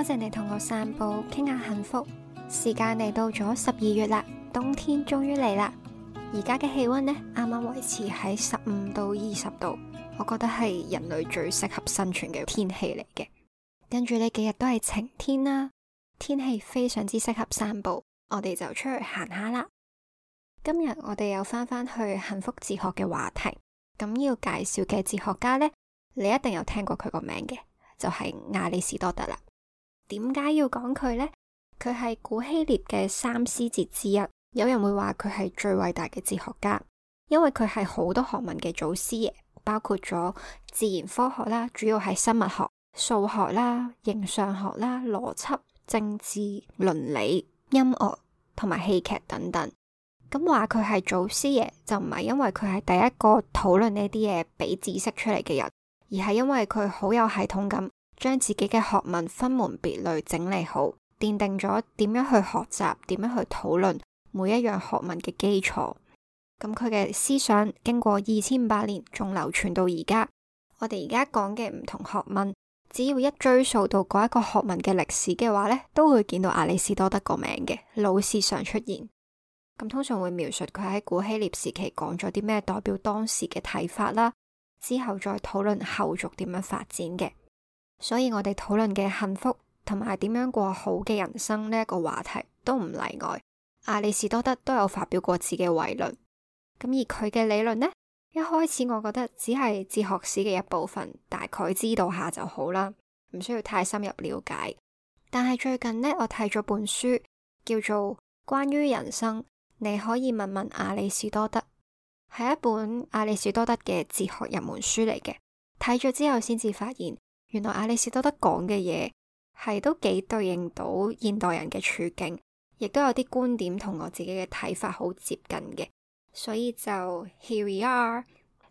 多謝你同我散步，傾下幸福。時間嚟到咗十二月啦，冬天終於嚟啦。而家嘅氣溫呢，啱啱維持喺十五到二十度，我覺得係人類最適合生存嘅天氣嚟嘅。跟住呢幾日都係晴天啦，天氣非常之適合散步。我哋就出去行下啦。今日我哋又翻返去幸福哲學嘅話題。咁要介紹嘅哲學家呢，你一定有聽過佢個名嘅，就係亞里士多德啦。點解要講佢呢？佢係古希臘嘅三思哲之一。有人會話佢係最偉大嘅哲學家，因為佢係好多學問嘅祖師爺，包括咗自然科學啦，主要係生物學、數學啦、形上學啦、邏輯、政治、倫理、音樂同埋戲劇等等。咁話佢係祖師爺，就唔係因為佢係第一個討論呢啲嘢俾知識出嚟嘅人，而係因為佢好有系統感。將自己嘅學問分門別類整理好，奠定咗點樣去學習，點樣去討論每一樣學問嘅基礎。咁佢嘅思想經過二千五百年，仲流傳到而家。我哋而家講嘅唔同學問，只要一追溯到嗰一個學問嘅歷史嘅話呢，都會見到亞里士多德個名嘅老是常出現。咁通常會描述佢喺古希臘時期講咗啲咩，代表當時嘅睇法啦。之後再討論後續點樣發展嘅。所以我哋討論嘅幸福同埋點樣過好嘅人生呢一個話題都唔例外，亞里士多德都有發表過自己嘅偉論。咁而佢嘅理論呢，一開始我覺得只係哲學史嘅一部分，大概知道下就好啦，唔需要太深入了解。但係最近呢，我睇咗本書叫做《關於人生》，你可以問問亞里士多德，係一本亞里士多德嘅哲學入門書嚟嘅。睇咗之後先至發現。原來亞里士多德講嘅嘢係都幾對應到現代人嘅處境，亦都有啲觀點同我自己嘅睇法好接近嘅，所以就 Here we are。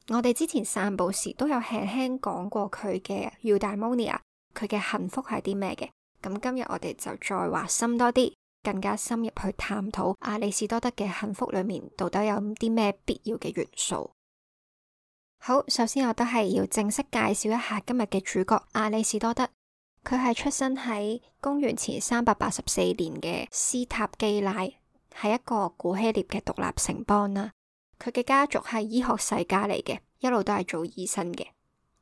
我哋之前散步時都有輕輕講過佢嘅 Eudaimonia，佢嘅幸福係啲咩嘅？咁今日我哋就再話深多啲，更加深入去探討亞里士多德嘅幸福裏面到底有啲咩必要嘅元素。好，首先我都係要正式介紹一下今日嘅主角亞里士多德。佢係出生喺公元前三百八十四年嘅斯塔基拉，係一個古希臘嘅獨立城邦啦。佢嘅家族係醫學世家嚟嘅，一路都係做醫生嘅。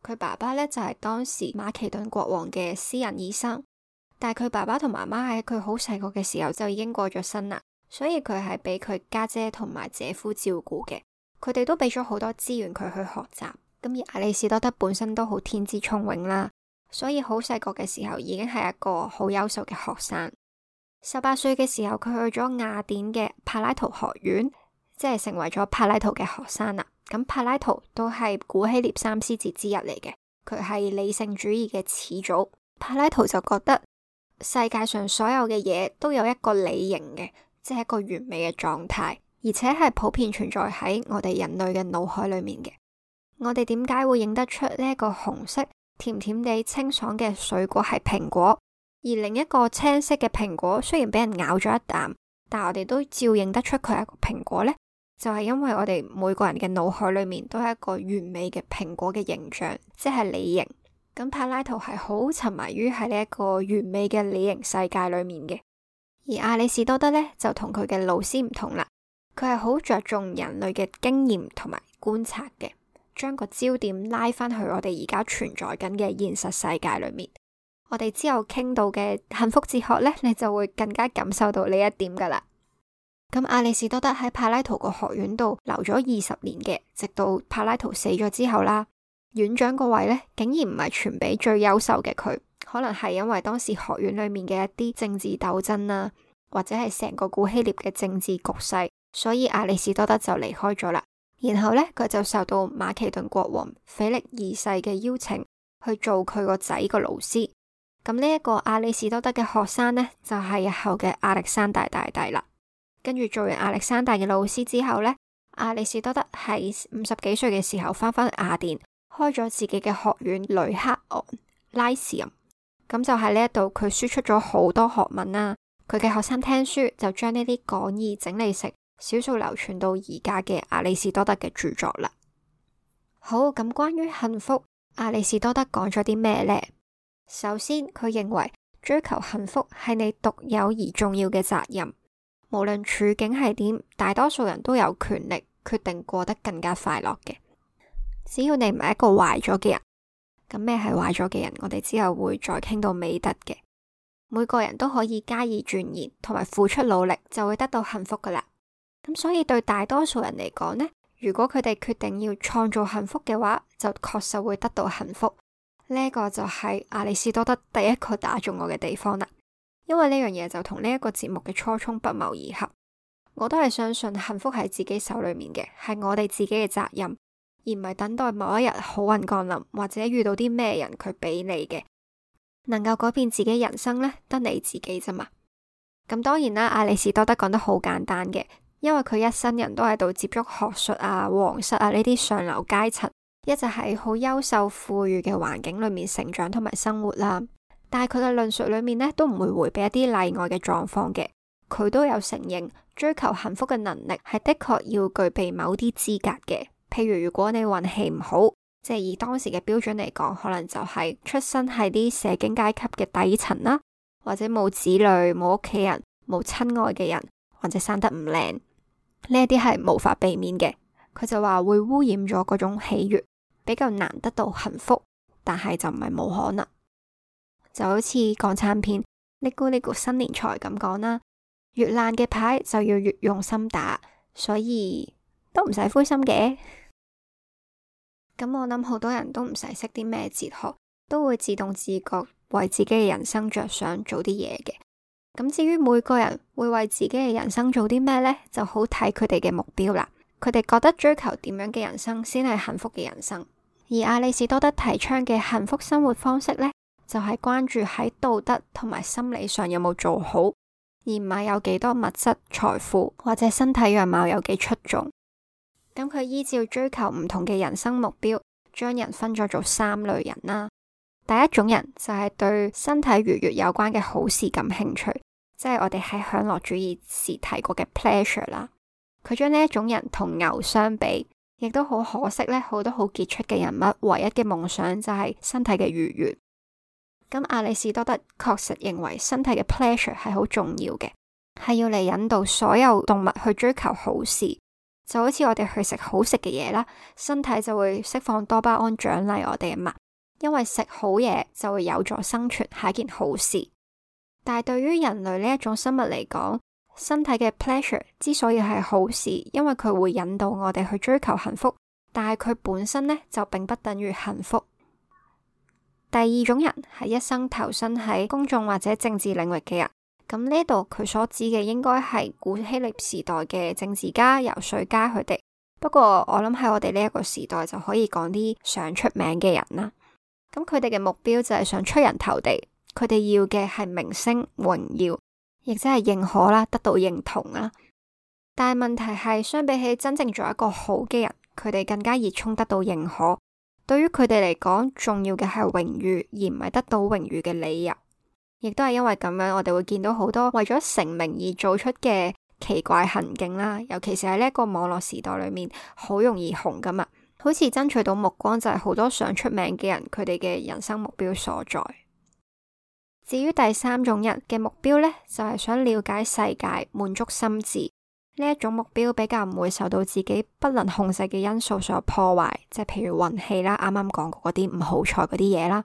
佢爸爸呢，就係當時馬其頓國王嘅私人醫生，但係佢爸爸同媽媽喺佢好細個嘅時候就已經過咗身啦，所以佢係俾佢家姐同埋姐夫照顧嘅。佢哋都畀咗好多資源佢去學習，咁而亞里士多德本身都好天資聰穎啦，所以好細個嘅時候已經係一個好優秀嘅學生。十八歲嘅時候，佢去咗雅典嘅柏拉圖學院，即係成為咗柏拉圖嘅學生啦。咁柏拉圖都係古希臘三思哲之一嚟嘅，佢係理性主義嘅始祖。柏拉圖就覺得世界上所有嘅嘢都有一個理型嘅，即係一個完美嘅狀態。而且係普遍存在喺我哋人類嘅腦海裏面嘅。我哋點解會認得出呢一個紅色、甜甜地、清爽嘅水果係蘋果，而另一個青色嘅蘋果雖然俾人咬咗一啖，但係我哋都照認得出佢係一個蘋果呢？就係因為我哋每個人嘅腦海裏面都係一個完美嘅蘋果嘅形象，即係理型。咁柏拉圖係好沉迷於喺呢一個完美嘅理型世界裏面嘅，而亞里士多德呢，就同佢嘅老師唔同啦。佢係好着重人類嘅經驗同埋觀察嘅，將個焦點拉翻去我哋而家存在緊嘅現實世界裏面。我哋之後傾到嘅幸福哲學呢，你就會更加感受到呢一點噶啦。咁亞里士多德喺柏拉圖個學院度留咗二十年嘅，直到柏拉圖死咗之後啦，院長個位呢，竟然唔係傳俾最優秀嘅佢，可能係因為當時學院裏面嘅一啲政治鬥爭啦、啊，或者係成個古希臘嘅政治局勢。所以亞里士多德就離開咗啦，然後呢，佢就受到馬其頓國王腓力二世嘅邀請去做佢個仔個老師。咁呢一個亞里士多德嘅學生呢，就係、是、日後嘅亞歷山大大帝啦。跟住做完亞歷山大嘅老師之後呢，亞里士多德喺五十幾歲嘅時候翻返去雅典，開咗自己嘅學院雷克昂拉士任。咁、um、就喺呢一度佢輸出咗好多學問啦。佢嘅學生聽書就將呢啲講義整理成少數流傳到而家嘅亞里士多德嘅著作啦。好，咁，關於幸福，亞里士多德講咗啲咩呢？首先，佢認為追求幸福係你獨有而重要嘅責任。無論處境係點，大多數人都有權利決定過得更加快樂嘅。只要你唔係一個壞咗嘅人，咁咩係壞咗嘅人？我哋之後會再傾到美德嘅。每個人都可以加以鑽研同埋付出努力，就會得到幸福噶啦。咁所以對大多數人嚟講呢，如果佢哋決定要創造幸福嘅話，就確實會得到幸福。呢個就係亞里士多德第一個打中我嘅地方啦。因為呢樣嘢就同呢一個節目嘅初衷不謀而合。我都係相信幸福喺自己手裏面嘅，係我哋自己嘅責任，而唔係等待某一日好運降臨或者遇到啲咩人佢俾你嘅。能夠改變自己人生呢，得你自己咋嘛？咁當然啦，亞里士多德講得好簡單嘅。因為佢一生人都喺度接觸學術啊、皇室啊呢啲上流階層，一直喺好優秀富裕嘅環境裏面成長同埋生活啦。但係佢嘅論述裏面呢，都唔會回避一啲例外嘅狀況嘅。佢都有承認，追求幸福嘅能力係的確要具備某啲資格嘅。譬如如果你運氣唔好，即係以當時嘅標準嚟講，可能就係出身喺啲社經階級嘅底層啦，或者冇子女、冇屋企人、冇親愛嘅人，或者生得唔靚。呢一啲係無法避免嘅，佢就話會污染咗嗰種喜悅，比較難得到幸福，但係就唔係冇可能。就好似港產片嚦咕嚦咕新年財咁講啦，越爛嘅牌就要越用心打，所以都唔使灰心嘅。咁我諗好多人都唔使識啲咩哲學，都會自動自覺為自己嘅人生着想做啲嘢嘅。咁至於每個人會為自己嘅人生做啲咩呢？就好睇佢哋嘅目標啦。佢哋覺得追求點樣嘅人生先係幸福嘅人生。而亞里士多德提倡嘅幸福生活方式呢，就係關注喺道德同埋心理上有冇做好，而唔係有幾多物質財富或者身體樣貌有幾出眾。咁佢依照追求唔同嘅人生目標，將人分咗做三類人啦。第一種人就係對身體愉悦有關嘅好事感興趣。即係我哋喺享樂主義時提過嘅 pleasure 啦，佢將呢一種人同牛相比，亦都好可惜呢，好多好傑出嘅人物，唯一嘅夢想就係身體嘅愉悅。咁亞里士多德確實認為身體嘅 pleasure 係好重要嘅，係要嚟引導所有動物去追求好事，就好似我哋去食好食嘅嘢啦，身體就會釋放多巴胺獎勵我哋啊嘛，因為食好嘢就會有助生存係一件好事。但係對於人類呢一種生物嚟講，身體嘅 pleasure 之所以係好事，因為佢會引導我哋去追求幸福。但係佢本身呢就並不等於幸福。第二種人係一生投身喺公眾或者政治領域嘅人。咁呢度佢所指嘅應該係古希臘時代嘅政治家、遊說家佢哋。不過我諗喺我哋呢一個時代就可以講啲想出名嘅人啦。咁佢哋嘅目標就係想出人頭地。佢哋要嘅係名聲、榮耀，亦即係認可啦，得到認同啦。但係問題係，相比起真正做一個好嘅人，佢哋更加熱衷得到認可。對於佢哋嚟講，重要嘅係榮譽，而唔係得到榮譽嘅理由。亦都係因為咁樣，我哋會見到好多為咗成名而做出嘅奇怪行徑啦。尤其是喺呢一個網絡時代裏面，好容易紅噶嘛，好似爭取到目光就係好多想出名嘅人，佢哋嘅人生目標所在。至於第三種人嘅目標呢，就係想了解世界，滿足心智。呢一種目標比較唔會受到自己不能控制嘅因素所破壞，即係譬如運氣啦，啱啱講過嗰啲唔好彩嗰啲嘢啦。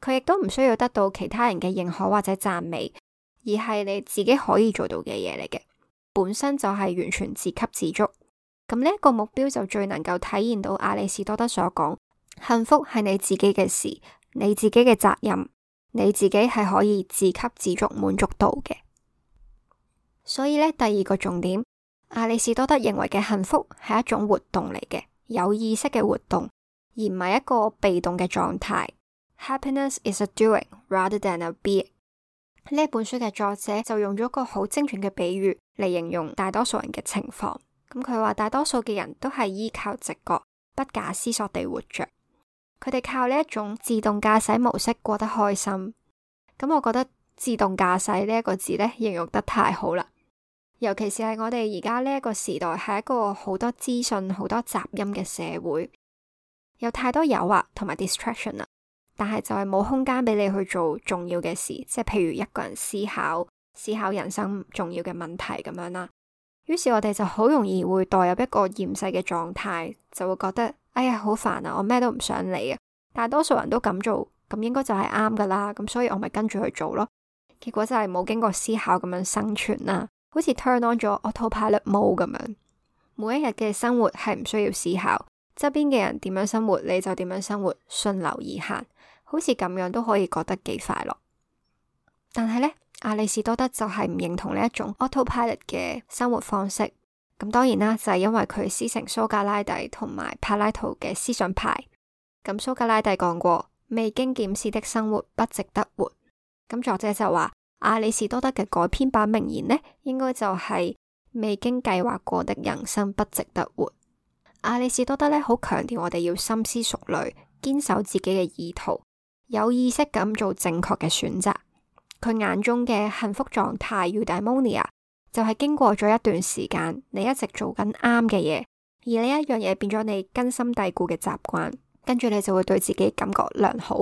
佢亦都唔需要得到其他人嘅認可或者讚美，而係你自己可以做到嘅嘢嚟嘅，本身就係完全自給自足。咁呢一個目標就最能夠體現到亞里士多德所講，幸福係你自己嘅事，你自己嘅責任。你自己係可以自給自足滿足到嘅，所以咧，第二個重點，亞里士多德認為嘅幸福係一種活動嚟嘅，有意識嘅活動，而唔係一個被動嘅狀態。Happiness is a doing rather than a being。呢本書嘅作者就用咗一個好精準嘅比喻嚟形容大多數人嘅情況。咁佢話大多數嘅人都係依靠直覺、不假思索地活着。佢哋靠呢一種自動駕駛模式過得開心咁，我覺得自動駕駛呢一個字呢，形容得太好啦。尤其是係我哋而家呢一個時代，係一個好多資訊、好多雜音嘅社會，有太多誘惑同埋 distraction 啦。但係就係冇空間俾你去做重要嘅事，即係譬如一個人思考思考人生重要嘅問題咁樣啦。於是我哋就好容易會代入一個厭世嘅狀態，就會覺得。哎呀，好煩啊！我咩都唔想理啊。大多數人都咁做，咁應該就係啱㗎啦。咁所以我咪跟住去做咯。結果就係冇經過思考咁樣生存啦，啊，好似 turn on 咗 autopilot mode 咁樣。每一日嘅生活係唔需要思考，周邊嘅人點樣生活你就點樣生活，順流而行，好似咁樣都可以覺得幾快樂。但係呢，亞里士多德就係唔認同呢一種 autopilot 嘅生活方式。咁當然啦，就係、是、因為佢師承蘇格拉底同埋柏拉圖嘅思想派。咁蘇格拉底講過，未經檢視的生活不值得活。咁作者就話，阿里士多德嘅改編版名言呢，應該就係未經計劃過的人生不值得活。阿里士多德咧，好強調我哋要深思熟慮，堅守自己嘅意圖，有意識咁做正確嘅選擇。佢眼中嘅幸福狀態 eudaimonia。就係經過咗一段時間，你一直做緊啱嘅嘢，而呢一樣嘢變咗你根深蒂固嘅習慣，跟住你就會對自己感覺良好。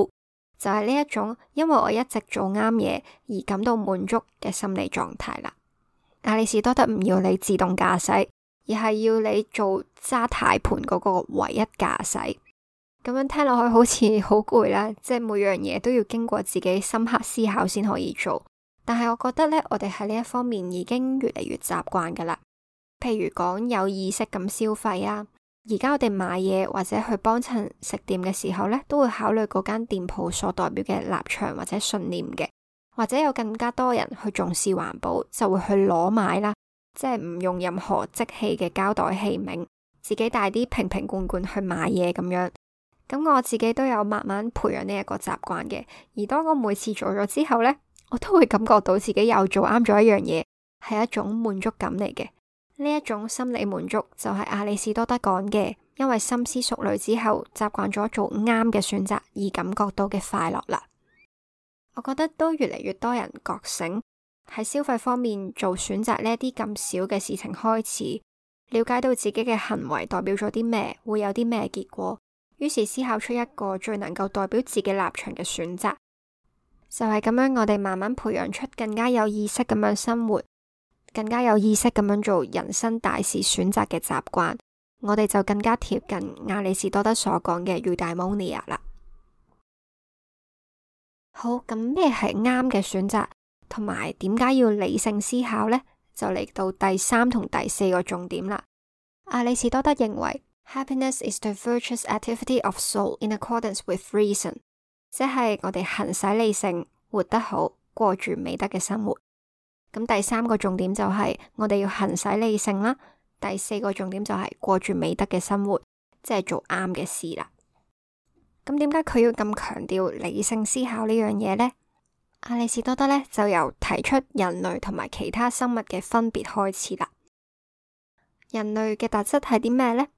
就係呢一種因為我一直做啱嘢，而感到滿足嘅心理狀態啦。亞里士多德唔要你自動駕駛，而係要你做揸軚盤嗰個唯一駕駛。咁樣聽落去好似好攰啦，即係每樣嘢都要經過自己深刻思考先可以做。但係，我覺得呢，我哋喺呢一方面已經越嚟越習慣噶啦。譬如講有意識咁消費啊，而家我哋買嘢或者去幫襯食店嘅時候呢，都會考慮嗰間店鋪所代表嘅立場或者信念嘅。或者有更加多人去重視環保，就會去裸買啦，即係唔用任何即棄嘅膠袋器皿，自己帶啲瓶瓶罐罐去買嘢咁樣。咁我自己都有慢慢培養呢一個習慣嘅。而當我每次做咗之後呢，我都會感覺到自己又做啱咗一樣嘢，係一種滿足感嚟嘅。呢一種心理滿足就係亞里士多德講嘅，因為深思熟慮之後，習慣咗做啱嘅選擇而感覺到嘅快樂啦。我覺得都越嚟越多人覺醒，喺消費方面做選擇呢啲咁小嘅事情，開始了解到自己嘅行為代表咗啲咩，會有啲咩結果，於是思考出一個最能夠代表自己立場嘅選擇。就係咁樣，我哋慢慢培養出更加有意識咁樣生活，更加有意識咁樣做人生大事選擇嘅習慣，我哋就更加貼近亞里士多德所講嘅 eudaimonia 啦。好，咁咩係啱嘅選擇，同埋點解要理性思考呢？就嚟到第三同第四個重點啦。亞里士多德認為，Happiness is the virtuous activity of soul in accordance with reason。即係我哋行使理性，活得好，過住美德嘅生活。咁第三個重點就係我哋要行使理性啦。第四個重點就係過住美德嘅生活，即係做啱嘅事啦。咁點解佢要咁強調理性思考呢樣嘢呢？亞里士多德咧就由提出人類同埋其他生物嘅分別開始啦。人類嘅特質係啲咩咧？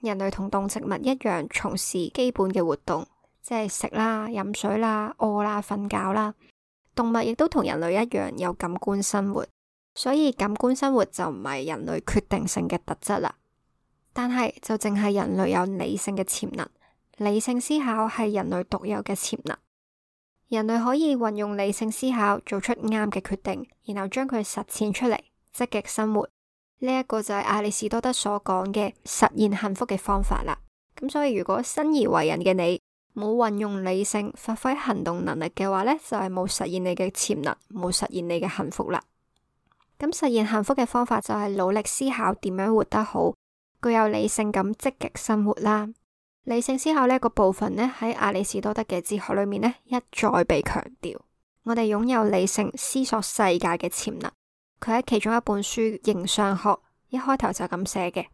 人類同動植物一樣從事基本嘅活動。即係食啦、飲水啦、餓啦、瞓覺啦，動物亦都同人類一樣有感官生活，所以感官生活就唔係人類決定性嘅特質啦。但係就淨係人類有理性嘅潛能，理性思考係人類獨有嘅潛能。人類可以運用理性思考做出啱嘅決定，然後將佢實踐出嚟，積極生活呢一個就係亞里士多德所講嘅實現幸福嘅方法啦。咁所以如果身而為人嘅你，冇運用理性、發揮行動能力嘅話呢，就係冇實現你嘅潛能，冇實現你嘅幸福啦。咁實現幸福嘅方法就係努力思考點樣活得好，具有理性咁積極生活啦。理性思考呢一個部分呢，喺亞里士多德嘅哲學裏面呢，一再被強調。我哋擁有理性思索世界嘅潛能，佢喺其中一本書《形上學》一開頭就咁寫嘅：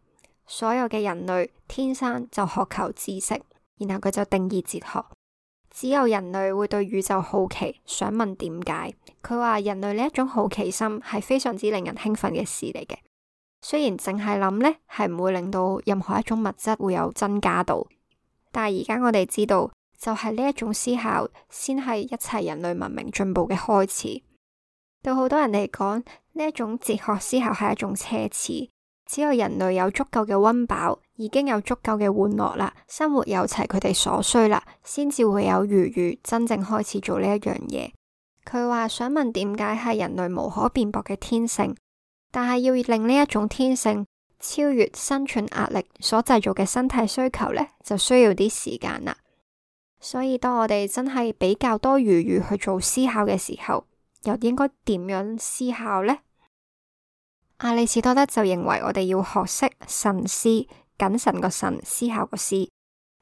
所有嘅人類天生就渴求知識。然後佢就定義哲學，只有人類會對宇宙好奇，想問點解。佢話人類呢一種好奇心係非常之令人興奮嘅事嚟嘅。雖然淨係諗呢係唔會令到任何一種物質會有增加度，但係而家我哋知道，就係呢一種思考先係一切人類文明進步嘅開始。對好多人嚟講，呢一種哲學思考係一種奢侈，只有人類有足夠嘅溫飽，已經有足夠嘅玩樂啦，生活有齊佢哋所需啦，先至會有餘餘真正開始做呢一樣嘢。佢話想問點解係人類無可辯駁嘅天性，但係要令呢一種天性超越生存壓力所製造嘅身體需求呢，就需要啲時間啦。所以當我哋真係比較多餘餘去做思考嘅時候，又應該點樣思考呢？亞里士多德就認為我哋要學識慎思。謹慎個慎，思考個思，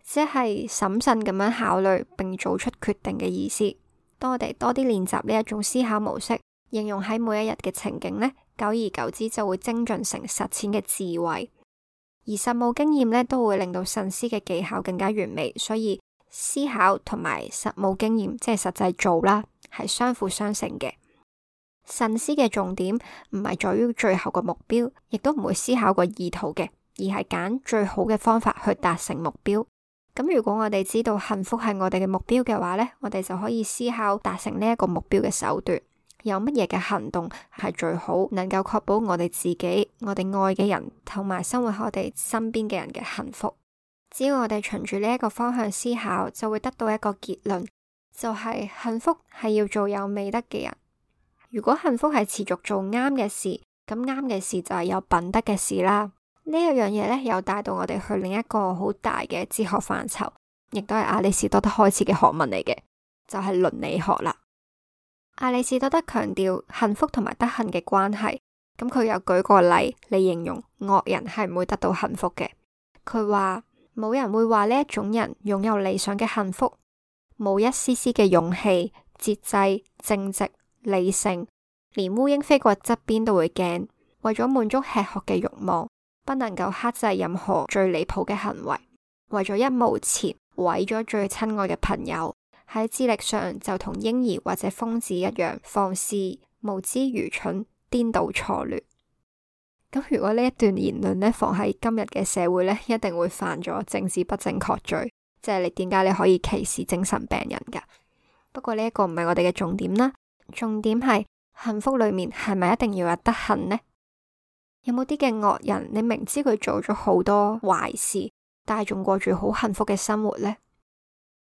即係審慎咁樣考慮並做出決定嘅意思。當我哋多啲練習呢一種思考模式，應用喺每一日嘅情景呢，久而久之就會精進成實踐嘅智慧。而實務經驗呢，都會令到慎思嘅技巧更加完美，所以思考同埋實務經驗即係實際做啦，係相輔相成嘅。慎思嘅重點唔係在於最後個目標，亦都唔會思考個意圖嘅，而係揀最好嘅方法去達成目標。咁如果我哋知道幸福係我哋嘅目標嘅話呢，我哋就可以思考達成呢一個目標嘅手段，有乜嘢嘅行動係最好，能夠確保我哋自己、我哋愛嘅人同埋生活我哋身邊嘅人嘅幸福。只要我哋循住呢一個方向思考，就會得到一個結論，就係幸福係要做有美德嘅人。如果幸福係持續做啱嘅事，咁啱嘅事就係有品德嘅事啦。呢一樣嘢呢，又帶到我哋去另一個好大嘅哲學範疇，亦都係亞里士多德開始嘅學問嚟嘅，就係、是、倫理學啦。亞里士多德強調幸福同埋德行嘅關係，咁佢又舉個例嚟形容惡人係唔會得到幸福嘅。佢話冇人會話呢一種人擁有理想嘅幸福，冇一絲絲嘅勇氣、節制、正直、理性，連烏蠅飛過側邊都會驚，為咗滿足吃喝嘅慾望。不能夠克制任何最離譜嘅行為，為咗一毛錢毀咗最親愛嘅朋友，喺智力上就同嬰兒或者瘋子一樣放肆、無知、愚蠢、顛倒錯亂。咁如果呢一段言論呢，放喺今日嘅社會呢，一定會犯咗政治不正確罪，即係你點解，你可以歧視精神病人㗎？不過呢一個唔係我哋嘅重點啦，重點係幸福裏面係咪一定要有德行呢？有冇啲嘅惡人，你明知佢做咗好多壞事，但係仲過住好幸福嘅生活呢？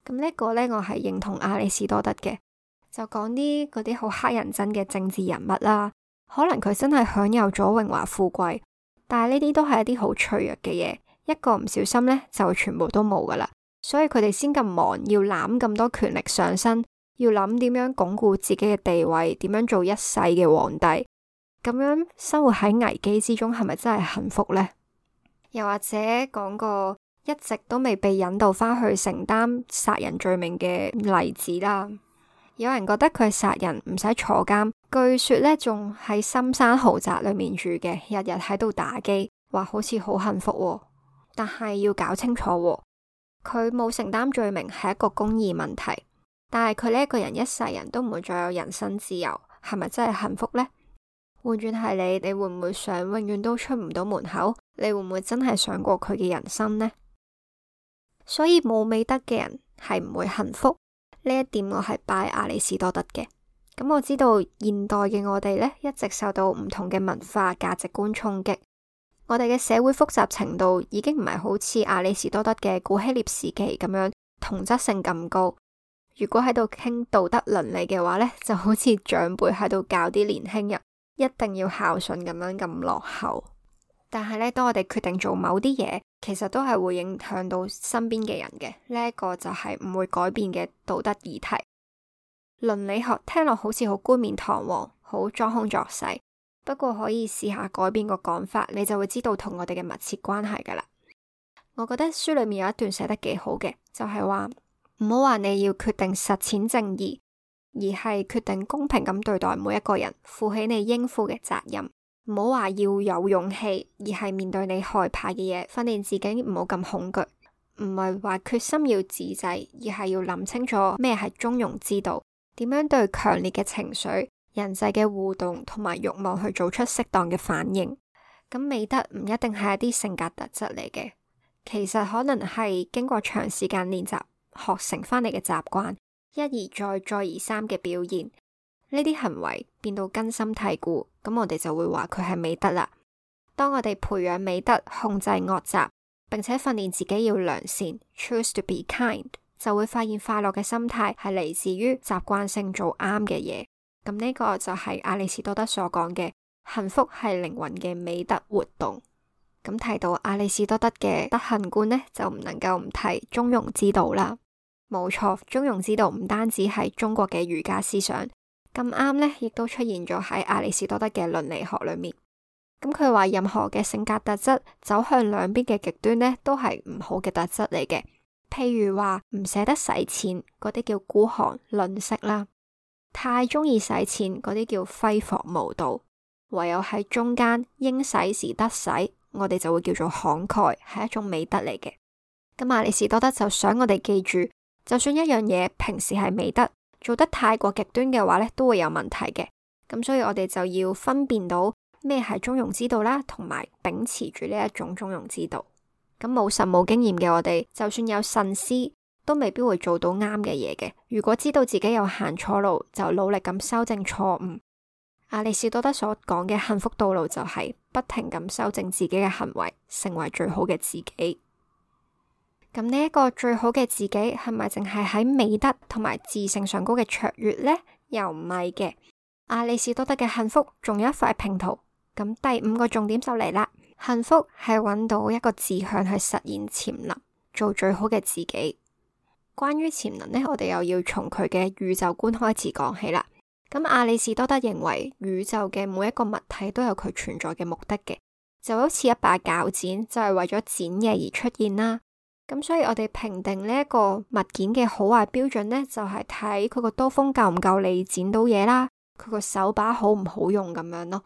咁呢個呢，我係認同亞里士多德嘅，就講啲嗰啲好乞人憎嘅政治人物啦。可能佢真係享有咗榮華富貴，但係呢啲都係一啲好脆弱嘅嘢，一個唔小心呢，就全部都冇噶啦。所以佢哋先咁忙，要攬咁多權力上身，要諗點樣鞏固自己嘅地位，點樣做一世嘅皇帝。咁樣生活喺危機之中，係咪真係幸福呢？又或者講個一直都未被引導翻去承擔殺人罪名嘅例子啦。有人覺得佢殺人唔使坐監，據說呢仲喺深山豪宅裏面住嘅，日日喺度打機，話好似好幸福喎。但係要搞清楚喎，佢冇承擔罪名係一個公義問題，但係佢呢一個人一世人，都唔會再有人身自由，係咪真係幸福呢？換轉係你，你會唔會想永遠都出唔到門口？你會唔會真係想過佢嘅人生呢？所以冇美德嘅人係唔會幸福呢？一點我係拜阿里士多德嘅。咁我知道現代嘅我哋呢，一直受到唔同嘅文化價值觀衝擊。我哋嘅社會複雜程度已經唔係好似阿里士多德嘅古希臘時期咁樣同質性咁高。如果喺度傾道德倫理嘅話呢，就好似長輩喺度教啲年輕人。一定要孝順咁樣咁落後，但係呢，當我哋決定做某啲嘢，其實都係會影響到身邊嘅人嘅。呢一個就係唔會改變嘅道德議題。倫理學聽落好似好冠冕堂皇，好裝腔作勢。不過可以試下改變個講法，你就會知道同我哋嘅密切關係噶啦。我覺得書裏面有一段寫得幾好嘅，就係話唔好話你要決定實踐正義。而係決定公平咁對待每一個人，負起你應負嘅責任。唔好話要有勇氣，而係面對你害怕嘅嘢，訓練自己唔好咁恐懼。唔係話決心要自制，而係要諗清楚咩係中庸之道，點樣對強烈嘅情緒、人際嘅互動同埋欲望去做出適當嘅反應。咁美德唔一定係一啲性格特質嚟嘅，其實可能係經過長時間練習學成翻嚟嘅習慣。一而再，再而三嘅表現，呢啲行為變到根深蒂固，咁我哋就會話佢係美德啦。當我哋培養美德，控制惡習，並且訓練自己要良善，choose to be kind，就會發現快樂嘅心態係嚟自於習慣性做啱嘅嘢。咁呢個就係亞里士多德所講嘅幸福係靈魂嘅美德活動。咁提到亞里士多德嘅德行觀呢，就唔能夠唔提中庸之道啦。冇錯，中庸之道唔單止係中國嘅儒家思想，咁啱呢，亦都出現咗喺亞里士多德嘅倫理學裏面。咁佢話任何嘅性格特質走向兩邊嘅極端呢，都係唔好嘅特質嚟嘅。譬如話唔捨得使錢嗰啲叫孤寒吝嗇啦，太中意使錢嗰啲叫揮霍無度，唯有喺中間應使時得使，我哋就會叫做慷慨，係一種美德嚟嘅。咁、嗯、亞里士多德就想我哋記住。就算一樣嘢平時係美德，做得太過極端嘅話咧，都會有問題嘅。咁所以我哋就要分辨到咩係中庸之道啦，同埋秉持住呢一種中庸之道。咁冇實務經驗嘅我哋，就算有慎思，都未必會做到啱嘅嘢嘅。如果知道自己有行錯路，就努力咁修正錯誤。亞里士多德所講嘅幸福道路就係不停咁修正自己嘅行為，成為最好嘅自己。咁呢一個最好嘅自己係咪淨係喺美德同埋自性上高嘅卓越呢？又唔係嘅。亞里士多德嘅幸福仲有一塊拼圖。咁第五個重點就嚟啦，幸福係揾到一個志向去實現潛能，做最好嘅自己。關於潛能呢，我哋又要從佢嘅宇宙觀開始講起啦。咁亞里士多德認為宇宙嘅每一個物體都有佢存在嘅目的嘅，就好似一把鉸剪就係、是、為咗剪嘢而出現啦。咁所以，我哋評定呢一個物件嘅好壞標準呢，就係睇佢個刀鋒夠唔夠利，剪到嘢啦；佢個手把好唔好用咁樣咯。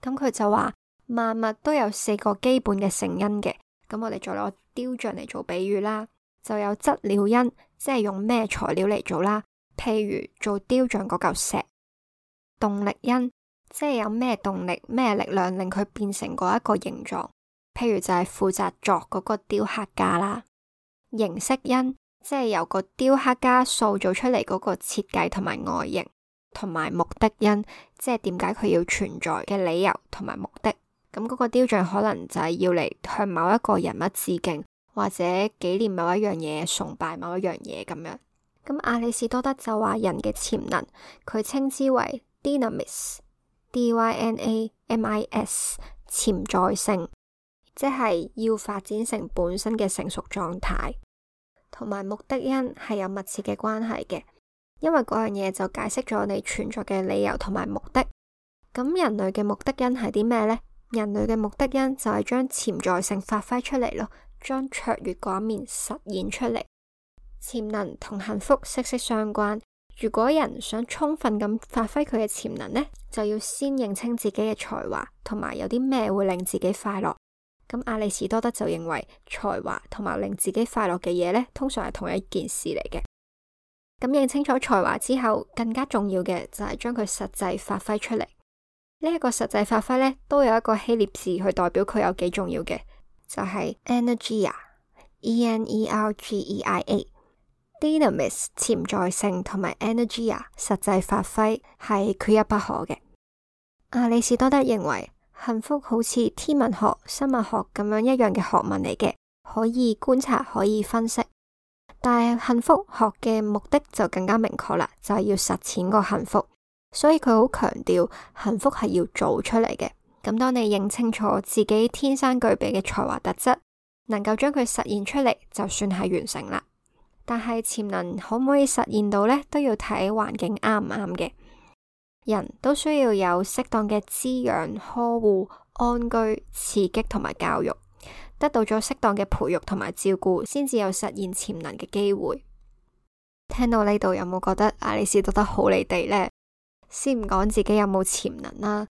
咁佢就話，萬物都有四個基本嘅成因嘅。咁我哋再攞雕像嚟做比喻啦，就有質料因，即係用咩材料嚟做啦；譬如做雕像嗰嚿石，動力因，即係有咩動力、咩力量令佢變成嗰一個形狀。譬如就係負責作嗰個雕刻家啦，形式因即係由個雕刻家塑造出嚟嗰個設計同埋外形，同埋目的因即係點解佢要存在嘅理由同埋目的。咁嗰個雕像可能就係要嚟向某一個人物致敬，或者紀念某一樣嘢，崇拜某一樣嘢咁樣。咁亞里士多德就話人嘅潛能，佢稱之為 dynamis d, is, d y n a m i s，潛在性。即係要發展成本身嘅成熟狀態，同埋目的因係有密切嘅關係嘅，因為嗰樣嘢就解釋咗你存在嘅理由同埋目的。咁人類嘅目的因係啲咩呢？人類嘅目的因就係將潛在性發揮出嚟咯，將卓越嗰面實現出嚟。潛能同幸福息息相關。如果人想充分咁發揮佢嘅潛能呢，就要先認清自己嘅才華，同埋有啲咩會令自己快樂。咁亞里士多德就認為才華同埋令自己快樂嘅嘢呢，通常係同一件事嚟嘅。咁認清楚才華之後，更加重要嘅就係將佢實際發揮出嚟。呢一個實際發揮咧，都有一個希臘字去代表佢有幾重要嘅，就係 energeia，energeia dynamis 潛在性同埋 energeia，實際發揮係缺一不可嘅。亞里士多德認為。幸福好似天文學、生物學咁樣一樣嘅學問嚟嘅，可以觀察，可以分析。但係幸福學嘅目的就更加明確啦，就係要實踐個幸福。所以佢好強調幸福係要做出嚟嘅。咁當你認清楚自己天生具備嘅才華特質，能夠將佢實現出嚟，就算係完成啦。但係潛能可唔可以實現到咧，都要睇環境啱唔啱嘅。人都需要有適當嘅滋養、呵護、安居、刺激同埋教育，得到咗適當嘅培育同埋照顧，先至有實現潛能嘅機會。聽到呢度有冇覺得亞里士多德好離地呢？先唔講自己有冇潛能啦，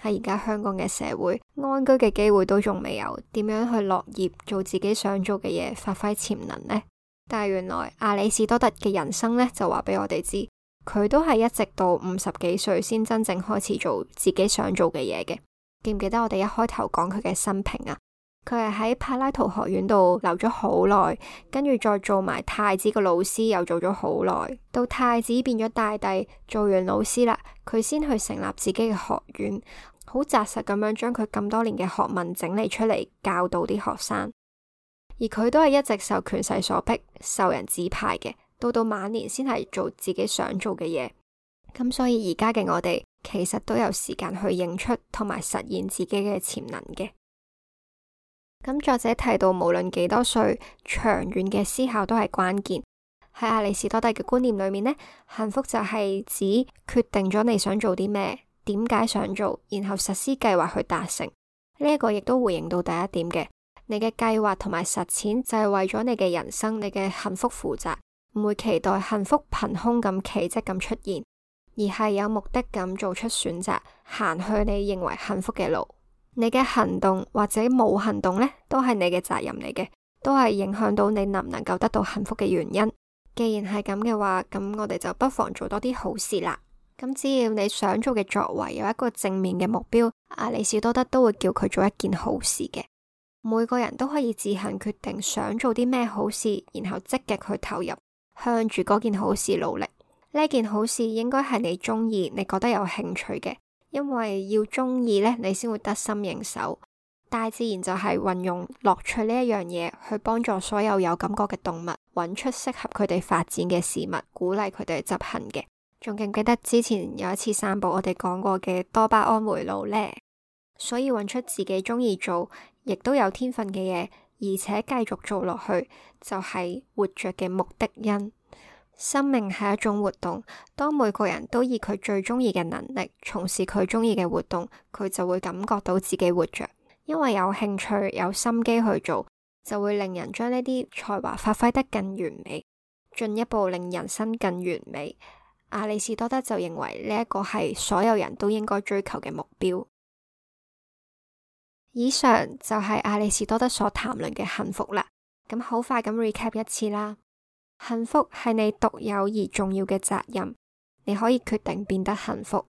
喺而家香港嘅社會，安居嘅機會都仲未有，點樣去樂業做自己想做嘅嘢，發揮潛能呢？但係原來亞里士多德嘅人生呢，就話俾我哋知。佢都係一直到五十幾歲先真正開始做自己想做嘅嘢嘅。記唔記得我哋一開頭講佢嘅生平啊？佢係喺柏拉圖學院度留咗好耐，跟住再做埋太子個老師，又做咗好耐。到太子變咗大帝，做完老師啦，佢先去成立自己嘅學院，好扎實咁樣將佢咁多年嘅學問整理出嚟，教導啲學生。而佢都係一直受權勢所迫，受人指派嘅。到到晚年先係做自己想做嘅嘢，咁所以而家嘅我哋其實都有時間去認出同埋實現自己嘅潛能嘅。咁作者提到，無論幾多歲，長遠嘅思考都係關鍵。喺亞里士多德嘅觀念裏面呢，幸福就係指決定咗你想做啲咩，點解想做，然後實施計劃去達成。呢一個亦都回應到第一點嘅，你嘅計劃同埋實踐就係為咗你嘅人生、你嘅幸福負責。唔會期待幸福憑空咁奇蹟咁出現，而係有目的咁做出選擇，行去你認為幸福嘅路。你嘅行動或者冇行動呢，都係你嘅責任嚟嘅，都係影響到你能唔能夠得到幸福嘅原因。既然係咁嘅話，咁我哋就不妨做多啲好事啦。咁只要你想做嘅作為有一個正面嘅目標，亞里士多德都會叫佢做一件好事嘅。每個人都可以自行決定想做啲咩好事，然後積極去投入。向住嗰件好事努力，呢件好事應該係你中意，你覺得有興趣嘅，因為要中意咧，你先會得心應手。大自然就係運用樂趣呢一樣嘢去幫助所有有感覺嘅動物，揾出適合佢哋發展嘅事物，鼓勵佢哋執行嘅。仲記唔記得之前有一次散步，我哋講過嘅多巴胺回路咧？所以揾出自己中意做，亦都有天分嘅嘢。而且繼續做落去就係、是、活着嘅目的因。生命係一種活動，當每個人都以佢最中意嘅能力從事佢中意嘅活動，佢就會感覺到自己活着，因為有興趣、有心機去做，就會令人將呢啲才華發揮得更完美，進一步令人生更完美。亞里士多德就認為呢一、這個係所有人都應該追求嘅目標。以上就係亞里士多德所談論嘅幸福啦。咁好快咁 recap 一次啦。幸福係你獨有而重要嘅責任，你可以決定變得幸福。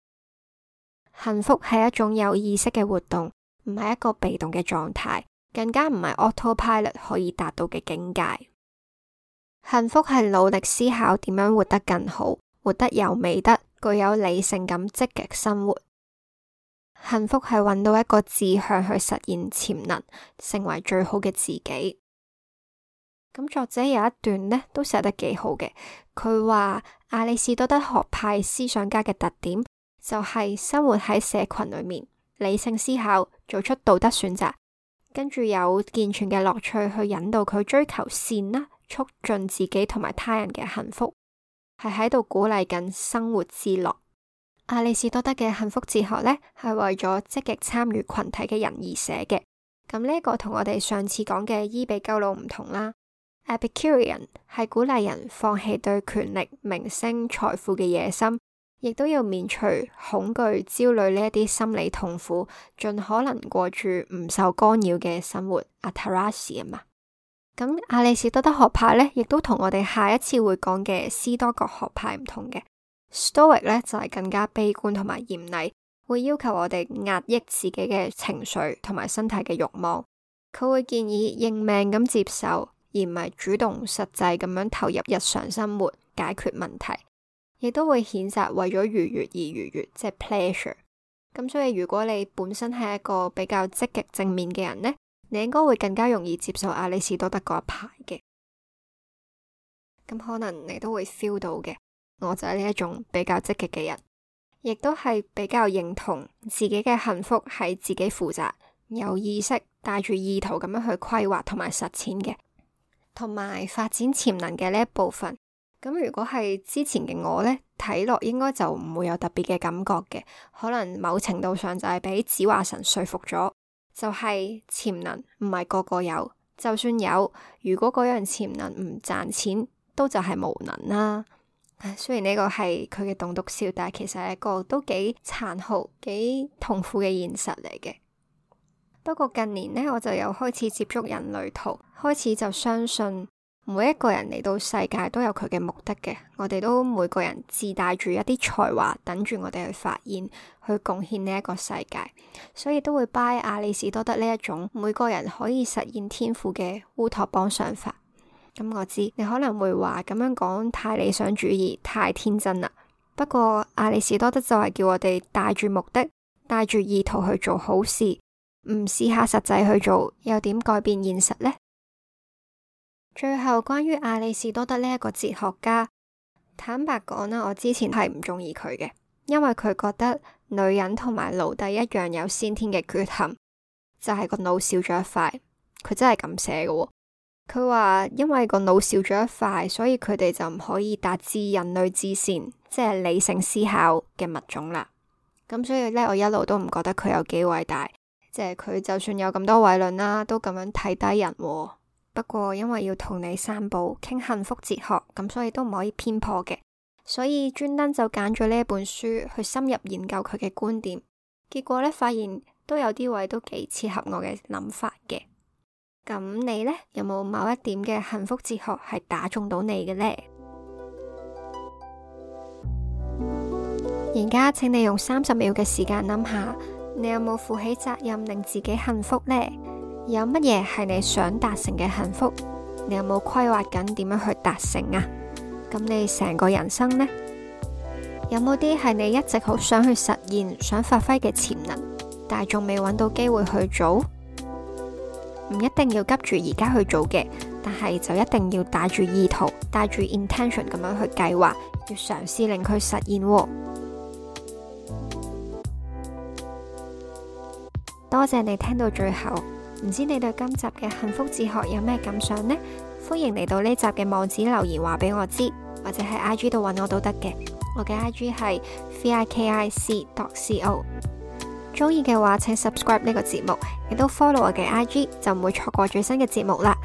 幸福係一種有意識嘅活動，唔係一個被動嘅狀態，更加唔係 autopilot 可以達到嘅境界。幸福係努力思考點樣活得更好，活得有美德，具有理性咁積極生活。幸福係揾到一個志向去實現潛能，成為最好嘅自己。咁作者有一段呢都寫得幾好嘅，佢話亞里士多德學派思想家嘅特點就係生活喺社群裏面，理性思考，做出道德選擇，跟住有健全嘅樂趣去引導佢追求善啦，促進自己同埋他人嘅幸福，係喺度鼓勵緊生活之樂。亞里士多德嘅《幸福哲學》呢，係為咗積極參與群體嘅人而寫嘅。咁呢一個同我哋上次講嘅伊比鳩魯唔同啦。Epicurean 係鼓勵人放棄對權力、名聲、財富嘅野心，亦都要免除恐懼、焦慮呢一啲心理痛苦，盡可能過住唔受干擾嘅生活。ataraxia 啊嘛。咁亞里士多德學派呢，亦都同我哋下一次會講嘅斯多葛學派唔同嘅。Stoic 咧就係更加悲觀同埋嚴厲，會要求我哋壓抑自己嘅情緒同埋身體嘅欲望。佢會建議認命咁接受，而唔係主動實際咁樣投入日常生活解決問題。亦都會譴責為咗愉悅而愉悅，即係 pleasure。咁所以如果你本身係一個比較積極正面嘅人呢，你應該會更加容易接受亞里士多德嗰一派嘅。咁可能你都會 feel 到嘅。我就係呢一種比較積極嘅人，亦都係比較認同自己嘅幸福係自己負責、有意識、帶住意圖咁樣去規劃同埋實踐嘅，同埋發展潛能嘅呢一部分。咁如果係之前嘅我呢，睇落應該就唔會有特別嘅感覺嘅，可能某程度上就係俾子華神說服咗，就係、是、潛能唔係個個有，就算有，如果嗰樣潛能唔賺錢，都就係無能啦。雖然呢個係佢嘅棟篤笑，但係其實係一個都幾殘酷、幾痛苦嘅現實嚟嘅。不過近年呢，我就有開始接觸人類圖，開始就相信每一個人嚟到世界都有佢嘅目的嘅。我哋都每個人自帶住一啲才華，等住我哋去發現、去貢獻呢一個世界，所以都會拜亞里士多德呢一種每個人可以實現天賦嘅烏托邦想法。咁、嗯、我知你可能會話咁樣講太理想主義，太天真啦。不過亞里士多德就係叫我哋帶住目的，帶住意圖去做好事。唔試下實際去做，又點改變現實呢？最後關於亞里士多德呢一個哲學家，坦白講啦，我之前係唔中意佢嘅，因為佢覺得女人同埋奴隸一樣有先天嘅缺陷，就係、是、個腦少咗一塊。佢真係咁寫嘅喎、哦。佢話因為個腦少咗一塊，所以佢哋就唔可以達至人類至善，即係理性思考嘅物種啦。咁所以呢，我一路都唔覺得佢有幾偉大，即係佢就算有咁多偉論啦，都咁樣睇低人喎。不過因為要同你散步傾幸福哲學，咁所以都唔可以偏頗嘅。所以專登就揀咗呢一本書去深入研究佢嘅觀點，結果呢，發現都有啲位都幾切合我嘅諗法嘅。咁你呢，有冇某一點嘅幸福哲學係打中到你嘅呢？而家請你用三十秒嘅時間諗下，你有冇負起責任令自己幸福呢？有乜嘢係你想達成嘅幸福？你有冇規劃緊點樣去達成啊？咁你成個人生呢，有冇啲係你一直好想去實現、想發揮嘅潛能，但係仲未揾到機會去做？唔一定要急住而家去做嘅，但係就一定要帶住意圖、帶住 intention 咁樣去計劃，要嘗試令佢實現、哦。 多謝你聽到最後，唔知你對今集嘅幸福哲學有咩感想呢？歡迎嚟到呢集嘅網址留言話俾我知，或者喺 IG 度搵我都得嘅。我嘅 IG 係 vikiic.co c。鍾意嘅話，請 subscribe 呢個節目，亦都 follow 我嘅 IG，就唔會錯過最新嘅節目啦。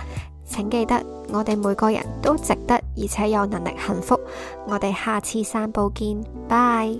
請記得，我哋每個人都值得而且有能力幸福。我哋下次散步見，拜。